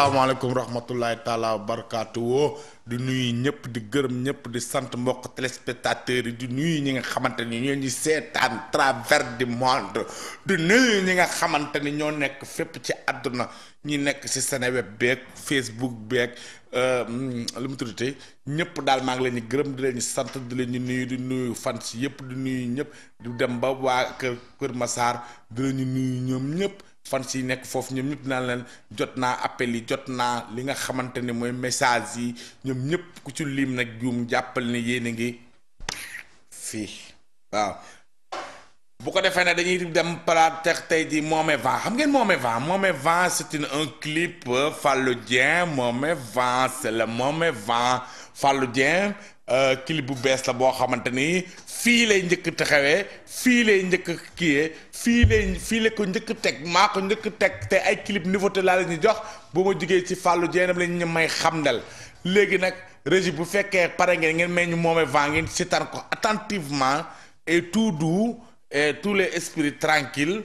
asalaamaaleykum rahmatullahi taala wa barakaatu woo di nuyu ñëpp di gërëm ñëpp di sant mbokk téléspectateurs yi di nuyu ñi nga xamante ni ñoo ñu seetaan travers du monde di ñi nga xamante ni ñoo nekk fépp ci àdduna ñi nekk ci Seneweb beeg Facebook beeg euh, lu mu tuddati ñëpp daal maa ngi leen di gërëm di leen di sant di leen di nuyu di nuyu fans yëpp di nuyu ñëpp di dem ba waa kër Kër di leen nuyu ñoom ñëpp. fan si nek foofu ñoom ñep dinaa leen jotna appel yi jotna li nga xamante moy message yi ñom ñep ku ci lim nak juum jappal ni yene ngi fi waaw bu ko defé ne dañuy dem plateau tay di momé va xam ngeen momé va momé va c'est une un clip euh, Fallou Dieng Moome Vent c'est le momé va Fallou Dieng euh, clip bu bees la boo xamante ni fii lay njëkk taxawee fii lay njëkk kii fii lay fii la ko njëkk teg maa ko njëkk teg te ay clip nouveauté laa la ñuy jox bu ma jugee ci Fallou Dieng dam lañ ñu may xamndal léegi nag régie bu fekkee pare ngeen ngeen may ñu moomee vent ngeen tar ko attentivement et tout doux et tous les esprits tranquilles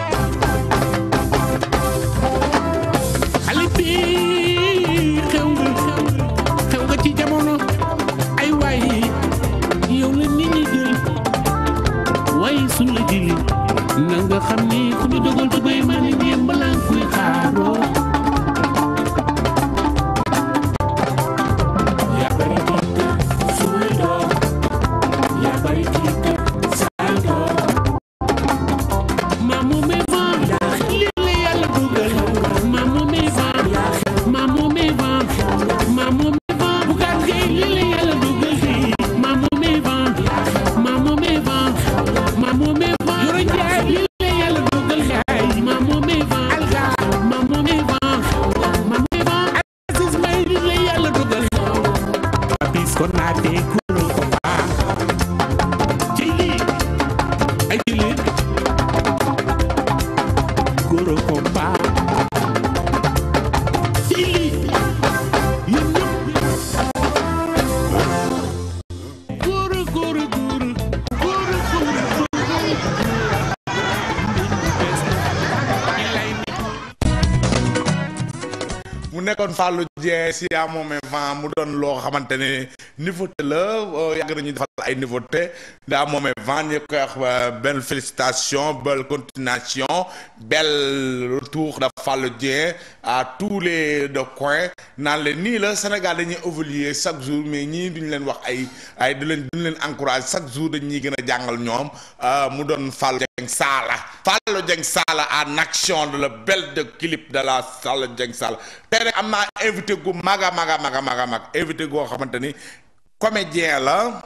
doon Fallou Dieng si yaa moom vent mu doon loo xamante ne niveau la euh, yàgg nañu defal ay nouveauté da momé vent ñi euh, belle félicitation belle continuation bel retour de Fallou Dieng à tous les de coin naan le nii le Sénégal dañuy évoluer chaque jour mais ñii duñ leen wax ay ay duñ leen duñu chaque jour dañuy gën a jàngal euh mu doon Fallou Dieng Sala Fallou Dieng Sala en action le bel de clip de la salle jeng Sala tey amna invité gu maga maga maga maga mag invité goo xamante comédien la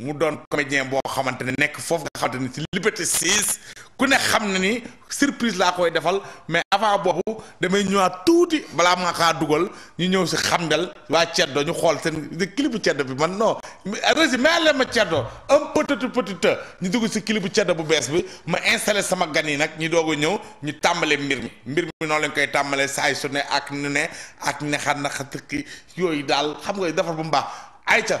mu doon comédien boo xamante ne nekk foofu nga xamante ne ci liberté 6 ku ne xam na ni surprise laa koy defal mais avant boobu damay ñëwaat tuuti balaa ma kaa dugal ñu ñëw si xam xamgal waa ceddo ñu xool seen kilibu ceddo bi man non rési mais ma ceddo un petit petit ñu dugg si clipu ceddo bu bees bi ma installé sama gan yi nag ñu doog a ñëw ñu tàmbale mbir mi mbir mi noonu lañ koy tàmbalee saay su ne ak nu ne ak nexaat naxa tëkki yooyu daal xam nga defar bu ayca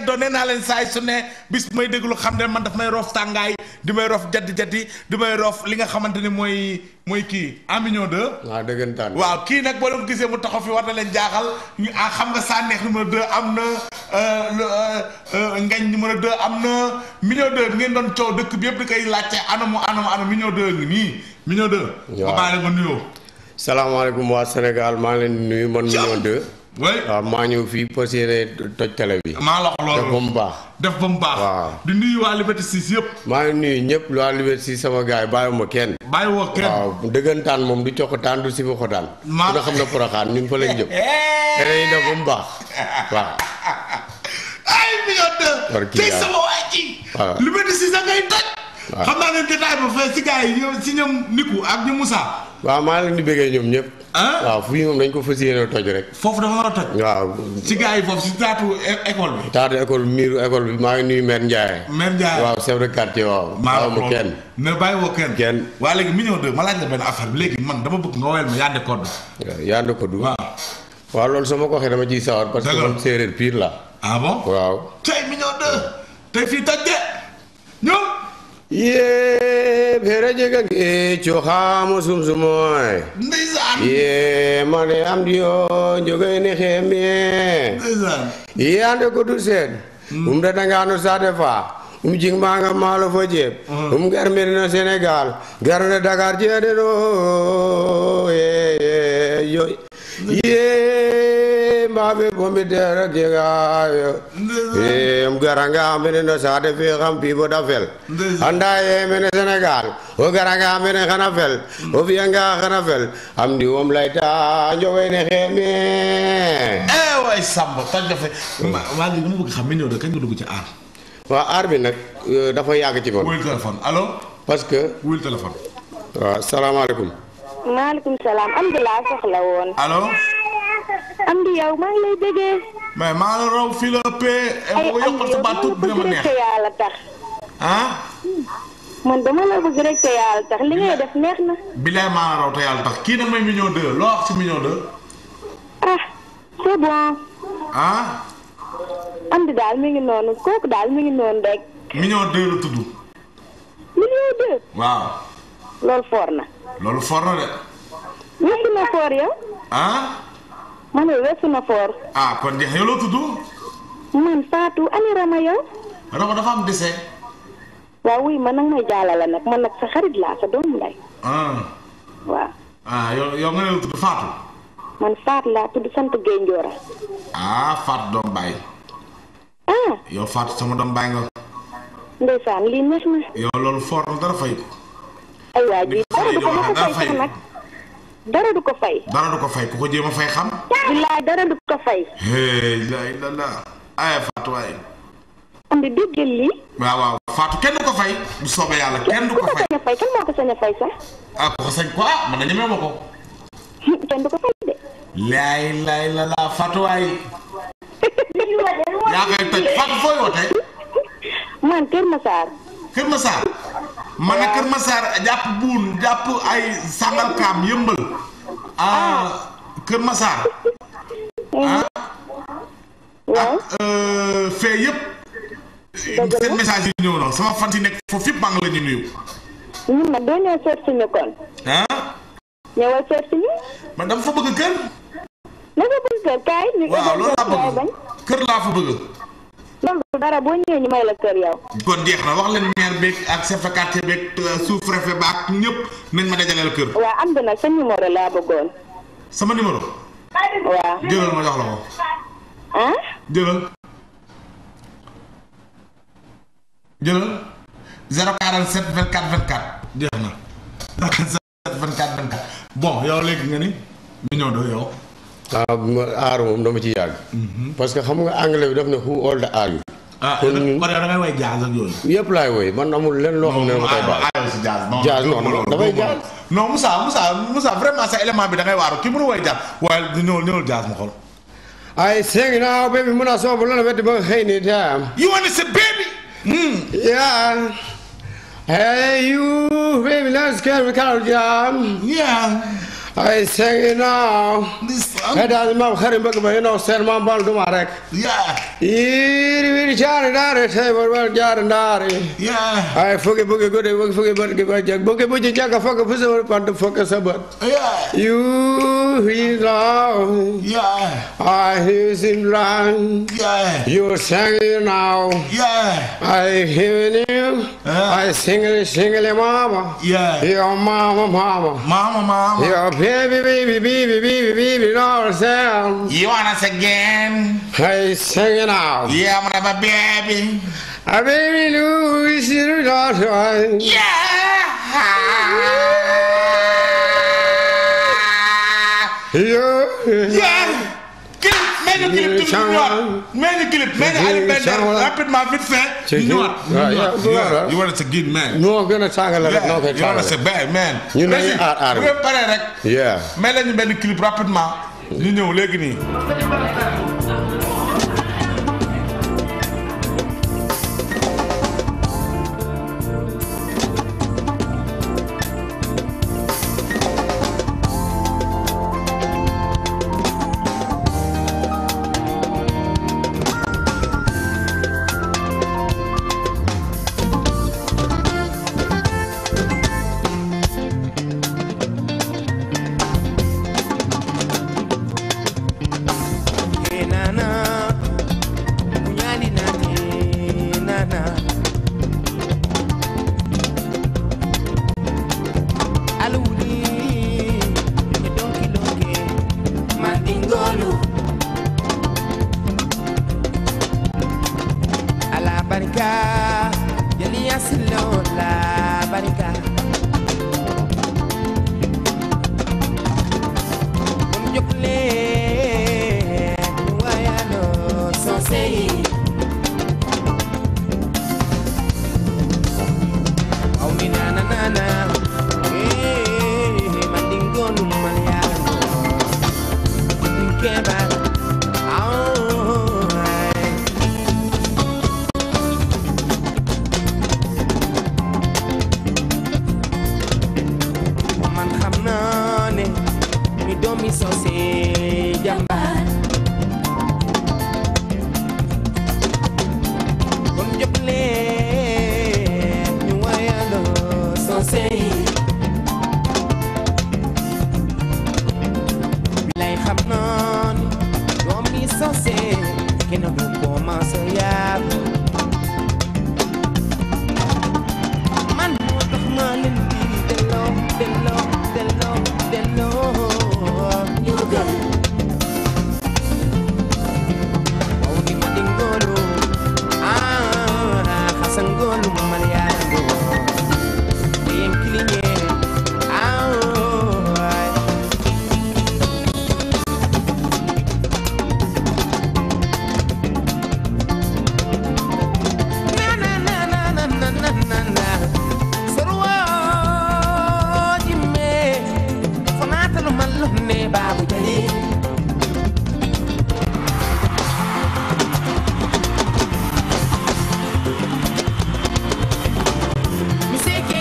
teddoo nee naa leen saay su ne bis may déglu xam ne man daf may roof tàngaay di may roof jaddi jaddi di may roof li nga xamante ni mooy mooy kii Amignon 2. waaw dëggantaan waaw kii nag boo leen gisee mu taxaw fi war na leen jaaxal ñu ah xam nga Sanekh numéro 2 am na euh, euh, euh, Ngañ numéro 2 am na Mignon 2 ngeen doon coow dëkk yëpp di koy laajte anamu anamu anamu Mignon 2 ngi nii Mignon 2. waaw ba bàyyi la nga nuyoo. salaamaaleykum waa Sénégal maa ngi leen di nuyu man Mignon 2. waaw maa ñëw fii parce que toj télé bi. maa la loolu def ba mu baax. def ba mu baax waaw. di nuyu waa Liberté yëpp. maa ngi nuyu ñëpp waa Liberté 6 sama gars yi bàyyiwuma kenn. bàyyiwoo kenn dëggantaan moom du cokkataan du si bi xotaan. maa xam ne poroxaan ñun fa lañ jëm. télé yi def ba mu baax waaw. ay million de. tey sama waa ji. waaw Liberté ngay toj. xam naa leen détail ba fay si gars yi si ñoom Niku ak ñu Moussa. waaw maa leen di bëggee ñoom ñëpp. Ah? waaw fii moom dañ ko fas yéene toj rek. foofu dafa war toj. si gars yi foofu si taatu école bi. maa ngi nuyu maire Ndiaye. maire Ndiaye waaw ma laaj la benn affaire léegi man dama bëgg nga woyal ma Yandé Codou. waaw Yandé waaw waaw loolu sama ko waxee dama ciy sawar. parce que moom séeréer pire la. ah bon waaw. tey million deux. tey fii toj de ñoom. yee fere jega geeco xaamo sumsumooy ndeysaan yee mane am diyo njogay ne xem yee ndeysaan yee ande ko du seed hmm. um datangano saate faa um jing maanga maalo fo jeeb hmm. um gar merino Sénégal gar na Dakar jeedeno yee yee mbaɓe komi dere gegayo im garanga mene no sade fe xam piboɗa fel anda mene sénégal o garanga mene xana fel o fiyanga xana fel am ndi wom layta njowene xeme eway samb toj fe dafa yàgg ci man wuyul téléphone allo parce que wuyul téléphone waaw salaamaaleykum laa soxla woon am di yow maa ngi lay déggee. mais maa la raw fii ay am la bëgg rek te yàlla ah? la bëgg rek te yàlla tax def neex na. bilaay maa la raw te yàlla tax kii na million deux loo wax ci million deux. Ah, ah am di daal mi ngi noonu kooku daal mi ngi noonu rek. million deux la tudd. million deux. waaw. loolu foor na. loolu foor na de. wécc na foor yow. ah. man na for ya, ah kon jeex yow loo man fatu ani rama yo rama dafa am dessé wa wi man nak may jalala nak man nak sa xarit la sa dom lay ah wa ah yo yo nga tudu fatu man fat la tudu sante gay njoora ah fat dom bay ah yo fat sama dom bay nga ndeysan li neex na yow loolu foor dara fay ko ay waji dara ko ma fay dara du ko fay. dara du ko fay ku ko jéem a fay xam. billaay dara du ko fay. la du ko fay. bu soobee yàlla kenn du ko fay kenn ku ko sañ a fay ah, ah, kenn na ñemee Kër Massar. Kër man a Kër Massar jàpp buun jàpp ay Sangalkam yëmbal. ah Kër Massar. Mhm. ah. Euh, fee yëpp. seen message yi ñëw na sama fan si nekk foofu yëpp maa ngi la ñu nuyu. ñun mhm, ñëw seet si ñu kon. ah. ñëwal seet si ñu. man dama fa bëgg kër. na waaw loolu laa bëgg kër laa fa bëgg. loolu dara boo ñëwee ñu may la kër yow. kon jeex na wax leen maire beeg ak chef de quartier beeg euh, sous-préfet ba ak ñëpp nañ ma dajaleel kër. waaw am na sa numéro laa bëggoon. sama numéro. waaw jëlal ma jox la ko. ah. jëlal. jëlal. 047 24 24. jeex na. 047 24 24. bon yow léegi nga ni. ñu ñëw do yow. waaw ah, aar moom dama ci yàgg. Mhm. parce que xam nga anglais bi daf ne who all the aar yi. ah kon da ngay woy jazz ak yooyu. yëpp loo xam ne ma koy baax. jazz non non damay jazz. non Moussa Moussa Moussa vraiment sa élément bi da ngay waaru kii mënu woy jazz waaye ñëwul ñëwul jazz ma xool. ay sing now baby mun a soobu la wetti ba nga xëy ni daam. you wanna say baby. Hmm. yeah. hey baby let's get we can jam. I now. This song. know to Yeah. here. ay senginaw forget, maba kare mbagma hino sen ma mbal duma rek yiri wiri jare ndare tawon wal jare ndare ay foke boke gode foke foke batke bajak boke boje jaga foke fuse wal pande foke sabat you he love I hear him run you singing now I hear you I single, single mama. Yeah. Your mama, mama. Mama, mama. Your baby, baby, baby, baby, baby, no sound. You want us again? I sing it out. Yeah, I'm gonna have a baby. A baby, Louis, we see the Yeah. Yeah. ñu clip tuuti ñu ñëwaat may ñu clip may ñu Aliou Bender rapidement vite fait ñu ñëwaat. waaw you wanna say good man. noo gën a sàngal rek noo koy. you wanna say bad ñu ne ñu aar aar bu ngeen paree rek. may lañu benn clip rapidement. ñu ñëw léegi nii.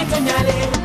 señales.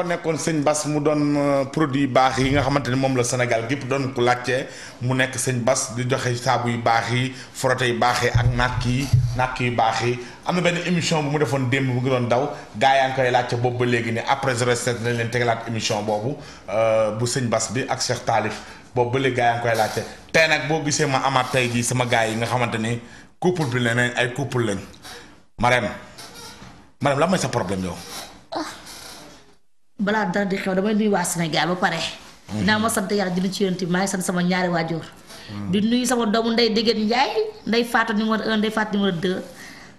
ko nekkoon señ Bas mu doon euh, produit baax yi nga xamante ni moom la Sénégal gépp doon ku laajte mu nekk señ Bas di joxe saabu yu baax yi frotté yu baax yi ak nàkk yi nàkk yu baax yi am na benn émission bu mu defoon démb mu ngi doon daw gaa yaa koy laajte boobu ba léegi ni après resté nañ leen tegalaat émission boobu euh, bu sëñ Bas bi ak Cheikh Taalif boobu ba léegi gaa yaa koy laajte tey nag boo gisee ma amaat tey jii sama gaa yi nga xamante ni couple bi leneen ay couple lañ Marème Marème lan mooy sa problème yow. Ah. bala dara di xew dama nuyu waa Sénégal ba pare. na ma sante yalla julli ci yonent may sante sama ñaari wajur eh, di nuyu sama doomu nday Degen Ndiaye nday Fatou numéro 1 nday Fatou numéro 2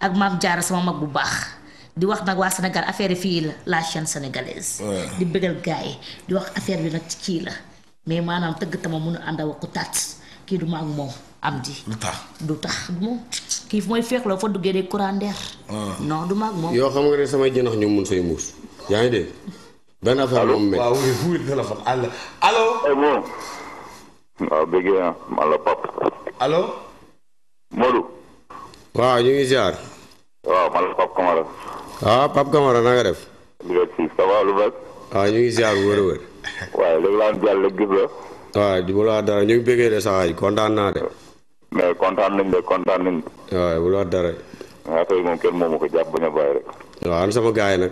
ak mam jaar sama mag bu baax. di wax nak wa Sénégal affaire fi la la chaîne sénégalaise. di bëggal gaay di wax affaire bi nak ci ki la mais manam teug tama mënu andaw ko tat ki du ma ak mom am di. du tax du tax du moom kii feex lo fa duggé day courant d'air. Oh. non du ma ak iya, mom yo xam nga ne samay jënax ñoom mun say mous yaay ngi benn affaire moom mi eh, la Pape. allo. Modou. waaw ñu ngi ziar. waaw ma la Pape Camara. ah Pape Camara na def. waaw ah, ñu ngi ziar wër wër. waaye léegi laa jàll gis la. waaw di la dara ñu ngi de saa yi kontaan naa de. mais kontaan nañ de kontaan nañ. waaw bu la dara. affaire moom kenn moomu ko jàpp bañ a bàyyi rek. waaw an sama gars nag.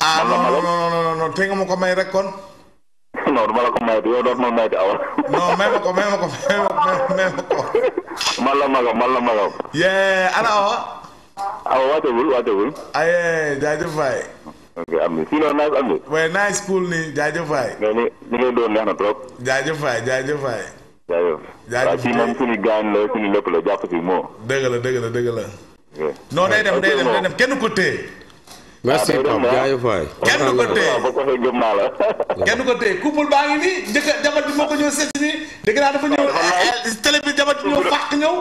ah non non non non te nga ma ko may rek kon. non du ma la ko may yow doot ma may awa. non may ma ko may ma ko may ma ko. man la magam man la magam. yee ana awa. awa waatewul waatewul. ayee jaajëf waay. ok am na sinon nice am na. waaye nice cool nii jaajëf waay. mais ni ni ngeen doon neex na trop. jaajëf waay jaajëf waay. jaajëf waaw kii moom suñu gaañ la suñu lépp la jàpp si moo. dëgg la dëgg la dëgg la. non day dem day dem day dem kenn ku téye. merci ah, Pape jaayee faay. kenn ko téye kenn baa ngi nii njëkk jabar bi moo ko ñëw seet si nii naa dafa ñëw ah, eh, télé bi jabar bi ñëw fàq ñëw.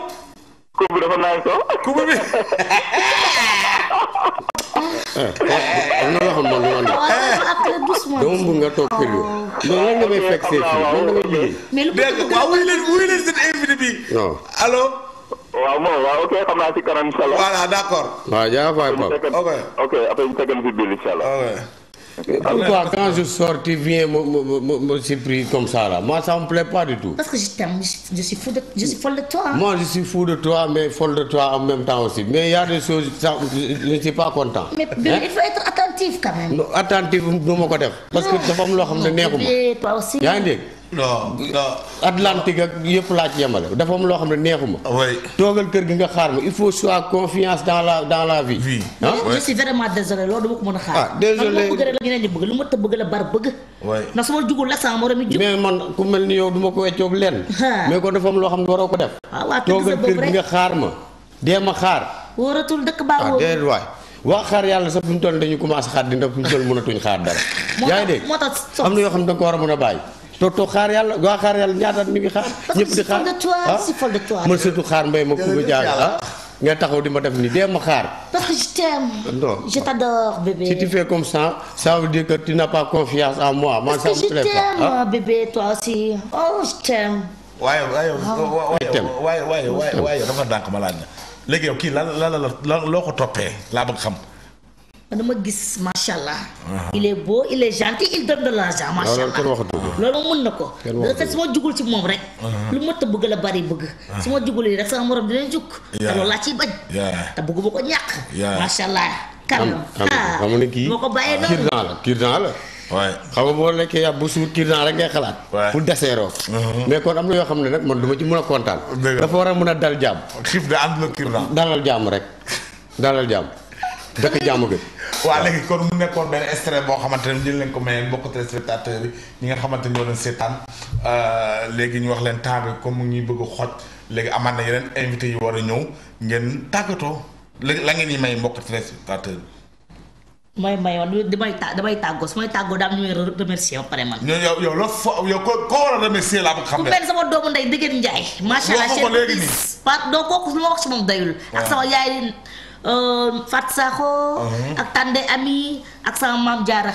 couple bi eh, am na loo xam eh. nga toog kër yi non lan nga may fekk see fii ah, lan nga may liggéey. mais lu ko wuy leen wuy leen seen invité bi. allo. waaw moom waaw ok xam naa ci kanam incha allah. voilà d' accord. waaw jaajëf waay Pape. ok ok après ñu tegal ci biir incha allah. quand je sors, viens me, me, me, me surprendre comme ça Moi, ça me plaît pas du tout. Parce que je suis fou de, je Moi, je suis fou de toi, mais folle de toi en même temps aussi. Mais il y a des choses, ça, pas content. Mais hein? il faut être attentif quand même. Non, attentif du ma parce que dafa am loo xam ne neexuma. Toi non non Atlantique ak yëpp laa ci yemale dafa am loo xam ne neexuma. oui toogal kër gi nga xaar ma il faut soit confiance dans la dans la vie. Ah? oui je suis vraiment dama ko mën a xaar. ah désolé bëgg rek la ñeneen ñi bëgg lu ma ta ma ko weccoog lenn. mais kon dafa loo xam ne waroo ko def. ah nga xaar ma. dee ma xaar. wóoratul dëkk baa ah, wóorul ah déedéet waay. xaar yàlla sax fi mu toll dañu commencé xaar dina fi mu toll mënatuñ xaar dara. yaa ngi dégg am na yoo xam ne ko war a mën a bàyyi toto xaar yalla go xaar yalla ñaata ni ngi xaar ñëpp di xaar man surtout xaar mbay ma kubu jaar ha nga taxaw di ma def ni dem xaar parce que je t'aime je t'adore bébé si tu fais comme ça ça veut dire que tu n'as pas confiance en moi moi ça me plaît pas je t'aime bébé toi aussi oh je t'aime waaye waaye waaye waaye waaye waaye dafa dank malade laaj yow ki la la la loo ko toppee laa bëgg xam man dama gis macha allah. il est beau il est gentil il donne de l'argent. macha allah kan loolu mën nako da kan te su djugul ci mom rek. lu ma te bëgg la bari bëgg. su djugul rek sama morom dina djuk te la ci bañ. ta bëgg bu ko ñàkk. macha allah. kàlla ah xam nga kii. moo ko bàyyee noonu kirdan la kirdan la. waay xam nga nek ya bu su kirdan rek ngay xalat pour dessero mais kon am na yo xamne nak man duma ci mëna a da fa wara mëna dal jàmm. xiif da am na kirdan. dalal jàmm rek dalal jàmm dëkk jàmm gën. waa léegi kon mu nekkoon benn extrait boo xamante ne jël leen ko may mbokk téléspectateur bi ñi nga xamante ñoo doon seetaan euh, léegi ñu wax leen temps bi comme ñu bëgg a léegi amaat na yeneen invité yi war a ñëw ngeen tàggatoo léegi la ngeen ñuy may mbokk téléspectateur bi. mooy may woon damay tàggoo su may tàggoo daal ñu ngi remercier ba pare man. ñoom yow yow la fo yow ko ko war a remercier laa ko xam ne. ku mel sama doomu ndey Dégène Ndiaye. macha allah chef de service. doo kooku lu ma wax sama Ehm, Fat Sakho uh-huh. ak Tande Ami ak sa maam Jaara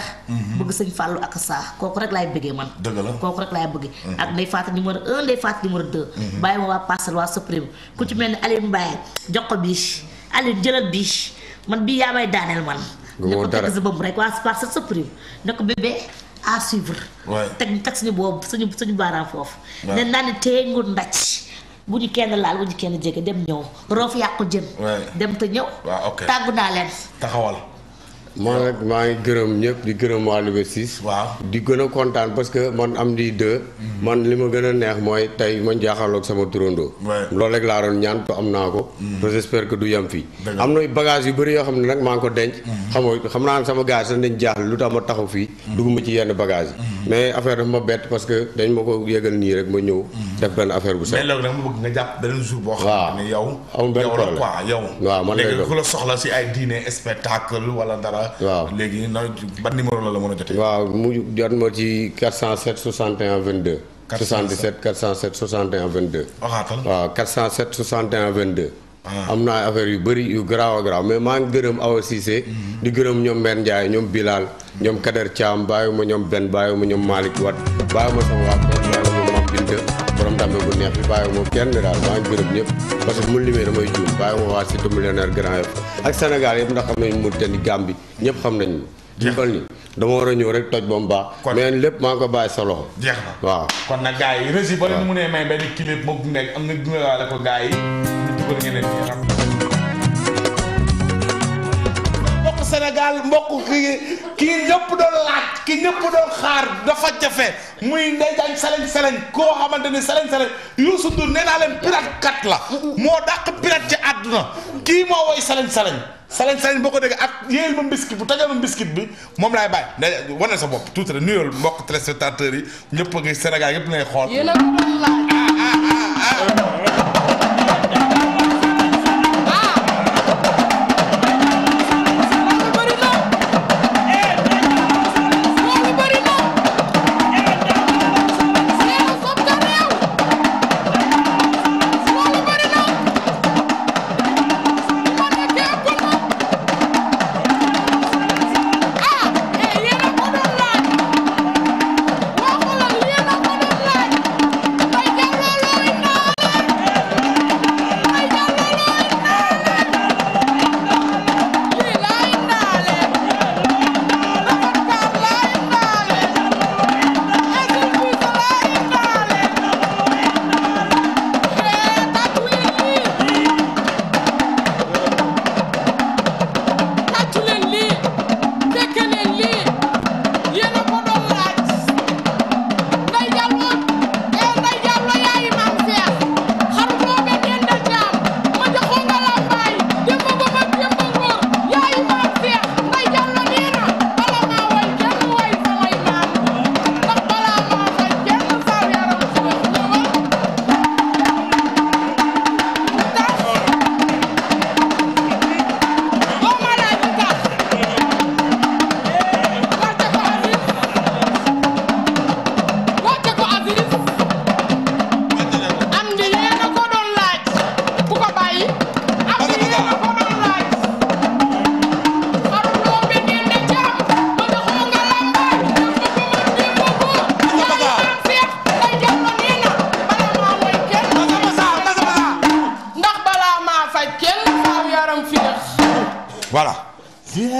bëgg sëñ Fallou ak saa kooku rek laay bëggee man dëgg la kooku rek laay bëggee uh-huh. ak Ndeye Fatou numéro un Ndeye Fatou numéro deux uh-huh. bàyyi ma waa Parcelles waa Suprême ku ci mel ni Aliou Mbaye jox ko biche Aliou jëlal biche man bii yaa may daaneel man ne ko teg si bëmb rek waa Parcelles Suprême ne ko bébé à suivre teg teg suñu boobu suñu suñu foofu ne naa ni téye ngur ndaj bu ñu kenn laal bu ñu kenn jege dem ñëw roof yàqu jëm. dem te ñëw. waaw tàggu naa leen. taxawal. man nag maa ngi gërëm ñëpp di gërëm waa kontaan parce que man am di deux. Mhm. man li ma gën a neex mooy tey ma jaaxaloog sama turandoo. loolu rek laa doon ñaan to am naa ko. Mhm. te j'espère que du yem fii. am na bagage yu bëri yoo xam ne nag maa ngi ko denc. Mhm. xam nga xam naa sama gars sax dañ jaaxle lu tax ma taxaw fii. dugguma ci yenn bagage yi. mais affaire dafa ma bett parce que dañ ma ko yëgal nii rek ma ñëw. def benn affaire bu set. mais loolu nag mu bëgg nga amul benn problème yow man lay doon voilà. waaw léegi nan ban numéro la la mën a jotee. waaw mu jot ma ci 407 61 22. 407 407 61 22. waxaatal waaw 407 61 22. am na ay affaire yu bëri yu garaaw a garaaw mais maa ngi gërëm Awa Cissé. Mhm. di gërëm ñoom Mbène Ndiaye ñoom Bilal. ñoom Kader Thiam bàyyiwuma ñoom Ben bàyyiwuma ñoom Malick Wat bàyyiwuma sama waa bàyyiwuma Mame Binta tàmbe bu neex bi bàyyi moom kenn daal maa ngi gërëm ñëpp parce que mu limee damay juum bàyyi ma waa Cité Millionnaire Grand Yoff ak Sénégal yëpp ndax xam nañ Mauritanie Gambie ñu toll nii dama war a ñëw rek toj ba mu baax. mais ko bàyyi sa loxo. na waaw. kon nag gars yi rési ba leen mu ne may benn clip mu nekk am nga dundalaale ko gars yi ñu dugal ngeen ne Sénégal mbokk kii kii ñëpp doon laaj ki ñëpp doon xaar dafa jafe muy Ndeye Diagne Salañ Salañ koo xamante ni Salañ Salañ Youssou Ndour nee leen pirate kat la moo dàq pirate ci àdduna kii moo woy Salañ Salañ Salañ Salañ boo ko déggee ak yéyal ma mbiskit bu tajal ma mbiskit bi moom laay bàyyi nday wane sa bopp tuuti rek nuyoo mbokk téléspectateurs yi ñëpp ngi Sénégal yëpp ngay xool.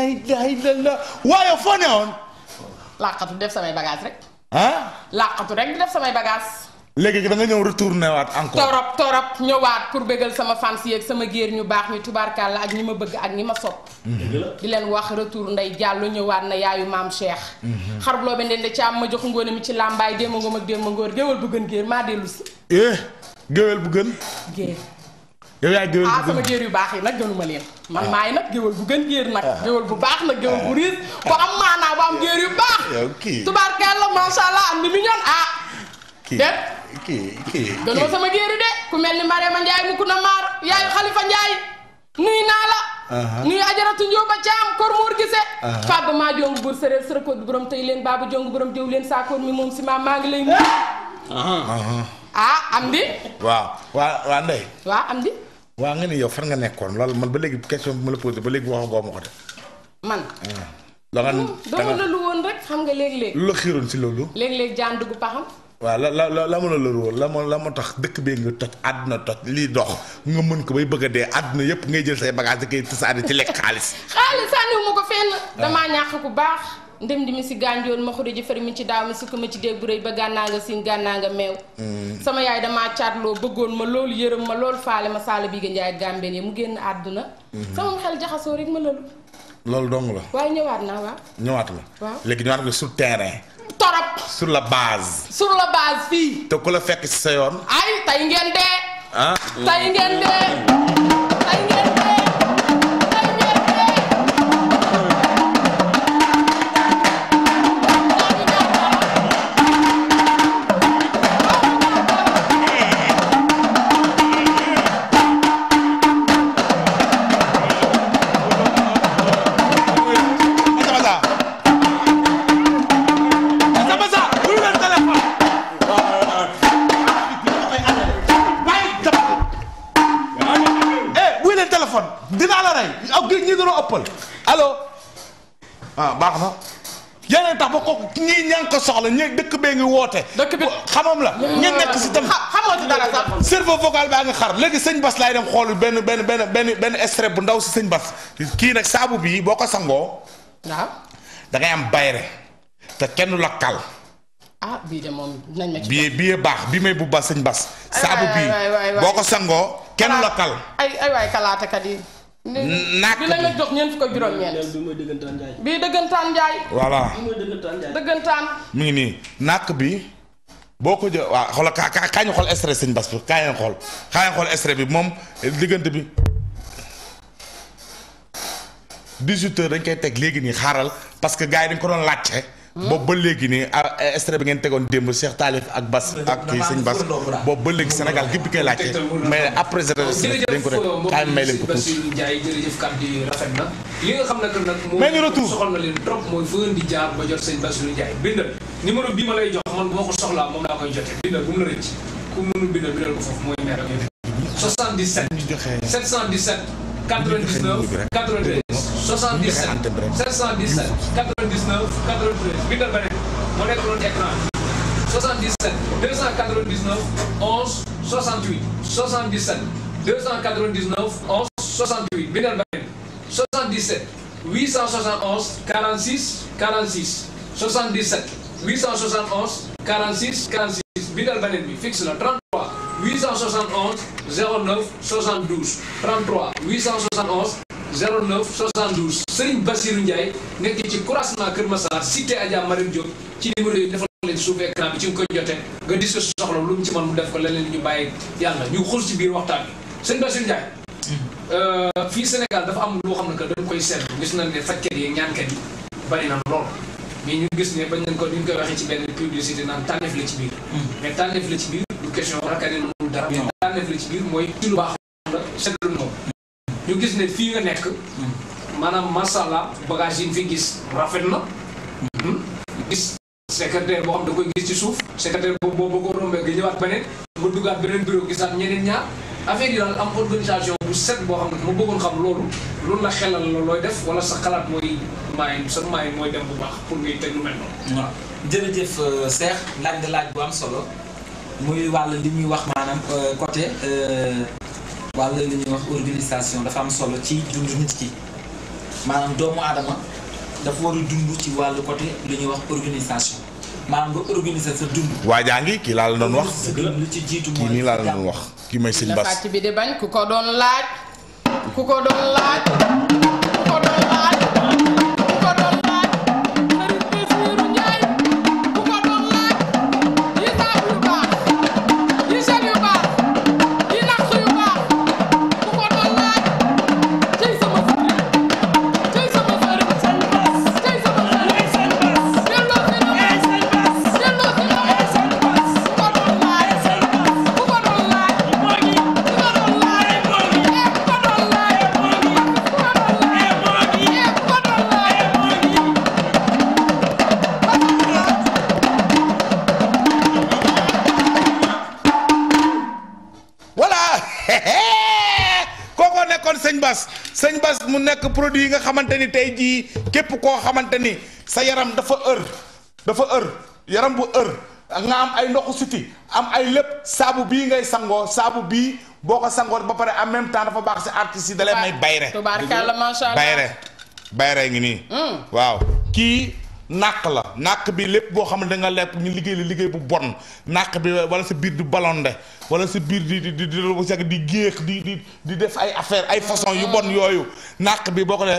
laa ilaaha illallaah waaye foo ne woon. làqatu def samay bagage rek. ah. làqatu rek di def samay bagage léegi da nga ñëw retourné waat encore. torop torop ñëwaat pour bégal sama fans ak sama géer ñu baax ñu la ak ñi ma bëgg ak ñi ma sopp di leen wax retour ndey jàllu ñëwaat na yaayu maam Cheikh. Mhm. xarub loo ba ndende ci am ma jox ngóone mi ci làmbaay déema ngoom ak déema ngóor géwél bu gën géer maa dellu si. Eh, géwél bu gën. géer. yow yaay géwél ah sama géer yu baax yi nak nag ma leen man ah. maay nak géwél bu gën géer nak ah. géwél bu baax nak géwél bu riis ah. ko am maana bu am géer yu baax ma sha allah am ni mi ñoon ah déet ki kii gënoo sama géeru de ku melni ni Mariama ndjay mu ku na mar yaay Khalifa ndjay nuy na la nuy ajaratu Njóoba Caam kor muur gise fàdd maa jongu bur séréer sëra koot borom tey leen babu jong borom jëw leen sa ko mi mom si ma maa ngi lay nuyu ah am di waaw waa waa ndey waa am di waa nga ne yow fan nga nekkoon loolu man ba léegi question bi ma la posé ba léegi wax nga ma ko de. man. la ah. nga la lu woon la ma la la ma la ma tax dëkk bee nga toj àdduna toj lii dox nga mën ko bay bëgg a dee àdduna yëpp ngay jël say bagage da koy tasaare ci lekk xaalis. xaalis sànniwuma ko fenn. Ah. damaa ñàkk ku baax. ndem di mi si gànjoon ma xuri ji ci daaw mi sukk ma ci dégg bu rëy ba gànnaa nga siin gànnaa nga meew mm. sama yaay dama caatloo bëggoon ma loolu yërëm ma loolu faale ma saala bi ga njaay gàmbeen mu génn àdduna mm-hmm. sama xel jaxasoo rek ma lalu loolu dong la waaye ñëwaat naa waaw ñëwaat la waaw léegi ñëwaat nga sur terrain torop sur la base sur la base fii te ku la fekk si sa yoon ay tey ngeen dee ah ngeen dee tey ngeen la ñi dëkk bee ngi woote. dëkk bi xamam la. ñi nekk si tam xamoo ci dara sax. cerveau baa nga xar léegi sëñ Bas lay dem xool benn benn benn benn benn extrait bu ndaw si sëñ Bas kii nag saabu bii boo ko sangoo. waaw da ngay am bayre te kenn la kal ah bii de moom nañ bii baax bii may bu baax sëñ Bas. saabu bii boo ko sangoo kenn la kal ay ay waay kalaatekat yi. naak bi la nga jox ñeent fukk ak juróom-ñeent. bii dëggantaan Njaay. bii dëggantaan voilà bii mooy mu ngi nii naak bi boo ko jë waaw xoolal kaa kaa kaa ñu xool extrait sëñ Bass kaa ñu xool kaa ñu bi moom diggante bi 18 dañ koy teg léegi nii xaaral parce que gars yi dañ ko doon laajte. boobu ba léegi nii ah, extrait bi ngeen tegoon démb seex Talif ak Bas ak kii sëñ Bas boobu ba léegi Sénégal gépp koy laajte mais may leen ko tuuti rafet na xam na leen trop mooy fa ngeen di jaar ba jot sëñ Bassirou Ndiaye bindal numéro bii ma lay jox man boo ko soxlaa moom laa koy jotee bindal bu 99 93 77 717 99 93 bindal ba rek moo nekk noonu écran 77 299 11 68 77 299 11 68 bindal ba rek 77 871 46 46 77 871 46 46 bindal beneen bi fixe la 33 871 09 72 33 871 09 72 Serigne Bassirou Ndiaye nekk ci croisement Kër Massar cité Adja Marine Diop ci numéro yi defal leen suuf écran bi ci nga koy jotee nga dis ko soxla lu mu ci mën mu def ko leneen ñu bàyyi yàlla ñu xul ci biir waxtaan bi Serigne Bassirou Ndiaye euh, fii Sénégal dafa am loo xam ne que dañ koy seetlu gis nañ ne fajkat yi ñaankat yi bari na lool mais ñu gis ne bañ nañ ko ni ñu koy question la keneen mënul dara. biir mooy ci lu baax la seetlu moom. ñu gis ne fii nga nekk. maanaam macha allah bagage yi ñu fi gis rafet na. Hmm? gis secrétaire boo xam da koy gis ci suuf. secrétaire boobu boo bëggoon a rombee nga ñëwaat beneen nga duggaat beneen bureau gisaat ñeneen ñaar affaire yi daal am organisation bu set boo xam ne mu bëggoon xam loolu loolu la xelal na looy def wala sa xalaat mooy maay sa maay mooy dem bu baax pour ngay teg lu mel noonu. waaw jërëjëf euh, Cheikh laaj nga laaj bu am solo. muy wàll li muy wax maanaam euh, côté euh, wàll li ñuy wax organisation dafa am solo ci dund nit ki maanaam doomu aadama dafa war a dund ci wàllu côté li ñuy wax organisation maanaam nga organiser sa dund. waa jaa ngi kii laa la doon wax. lu ci jiitu mooy kii nii laa la doon wax. kii mooy sëñ Bass. bi di bañ ku ko doon ku ko doon laaj. ku ko doon laaj. xamanteni tay ji kep ko xamanteni sa yaram dafa ër dafa ër yaram bu ër nga am ay ndoxu siti am ay lepp sabu bi ngay sango sabu bi boko sango ba pare en même temps dafa bax ci artiste dalay may bayre ma sha allah bayre bayre ngi ni hmm. waaw ki nak la nak bi lepp bo xam ne da nga lepp ñu liggey li liggey bu bon nak bi wala sa du di de wala sa bir di di di di géex di di di def ay affaire ay façon yu bon yoyu nak bi boko le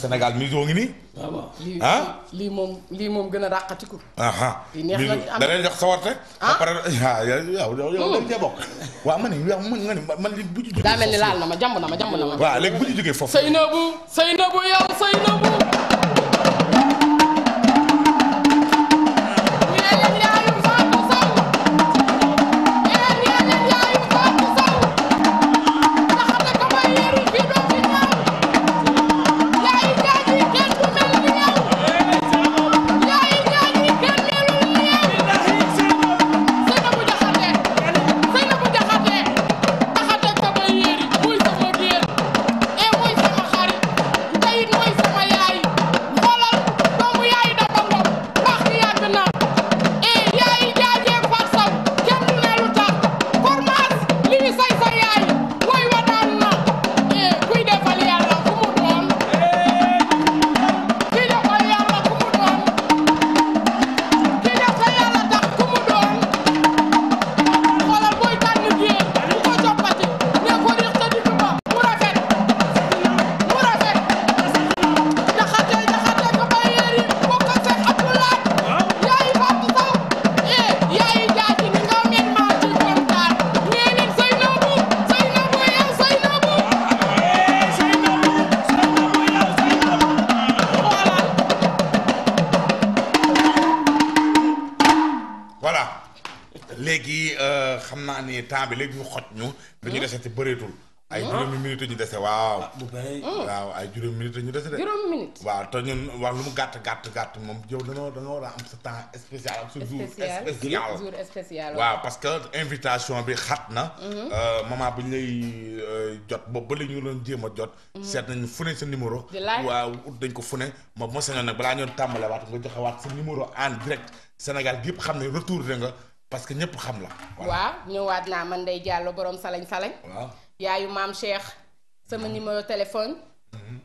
Sénégal museo ngi nii. Ah ah? lii moom lii moom gën a ràqatiku. lii neex na am da leen jox sawarte. ah ba pare ah yow yow yow dañ man yow man man lii bu ci jógee. daa mel ni laal na ma jàmb ma jàmb na ma. waaw léegi bu ci jógee dañu desati bëreetul. ay ah. juróomi minute ñu dese waaw. Ah, ah. waaw ay juróomi minute ñu dese de. juróomi minute waaw te ñun wax lu mu gàtt gàtt gàtt moom yow dañoo dañoo war a am sa temps spécial. ak sa jour spécial waaw parce que invitation bi xat na. Mhm. Euh, maman bu ñu lay euh, jot boobu ba la ñu doon jéem a jot. Mhm. seet nañu fune sa numéro. waaw ut dañ ko fune ma mos a nag balaa ñoo tàmbale waat nga joxe waat sa numéro en direct Sénégal gépp xam ne retour de nga. parce que ñëpp xam la. waaw ñëwaat naa man day jàll borom salañ salañ. waaw yaayu maam Cheikh. sama mm-hmm. numéro téléphone.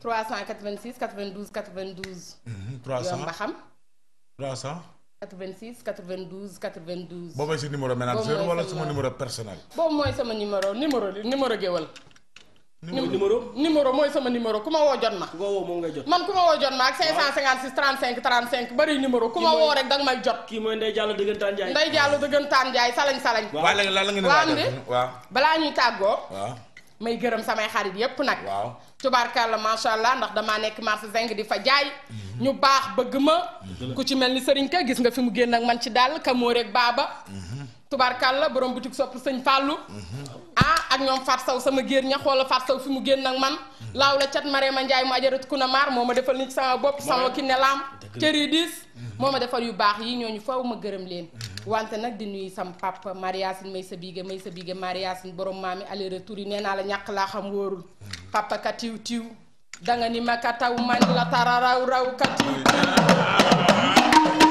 386 92 92. 300 yomba xam. 300. 86 92 92. boobu mooy sa numéro ménager wala sama numéro personnel. boobu mooy sama numéro numéro numéro numéro numéro mooy sama numéro ku ma woo jot ma. ku ma woo moom ngay jot man ku ma woo jot ma ak 556 35 35 bëri numéro ku ma woo rek danga may jot. kii mooy Ndeye Diallo dëggantaan Ndiaye. Ndeye Diallo dëggantaan Ndiaye salañ salañ. waaw waaw lan la ngeen waaw balaa ñuy tàggoo. waaw gërëm samay xarit yépp nag. waaw tubaarkàlla macha allah ndax damaa nekk marché zinc di fa jaay. Mhm. ñu baax bëgg ma. ku ci mel ni Serigne Ka gis nga fi mu génn ak man ci dàll Kamoor rek Baaba. Mhm. tubaarkàlla borom boutique sopp sëñ Fallou. Mhm. ah ak ñoom Fatou saw sama géer ña xoola Fatou Sow fi mu génn ak man mm-hmm. laaw la cat Marema Ndiaye mu ajaratu ku na maar moo ma defal ni sama bopp sama ki ne cër yi diis mm-hmm. moo ma defal yu baax yi ñu faw ma gërëm leen mm-hmm. wante nag di nuyu sam papa Mariasine may sa biige may sa biige Mariasine borom maami aller retour yi nee naa la ñàkk laa xam wóorul papa ka tiw tiw danga ni ma ka man la tararaw raw ka tiw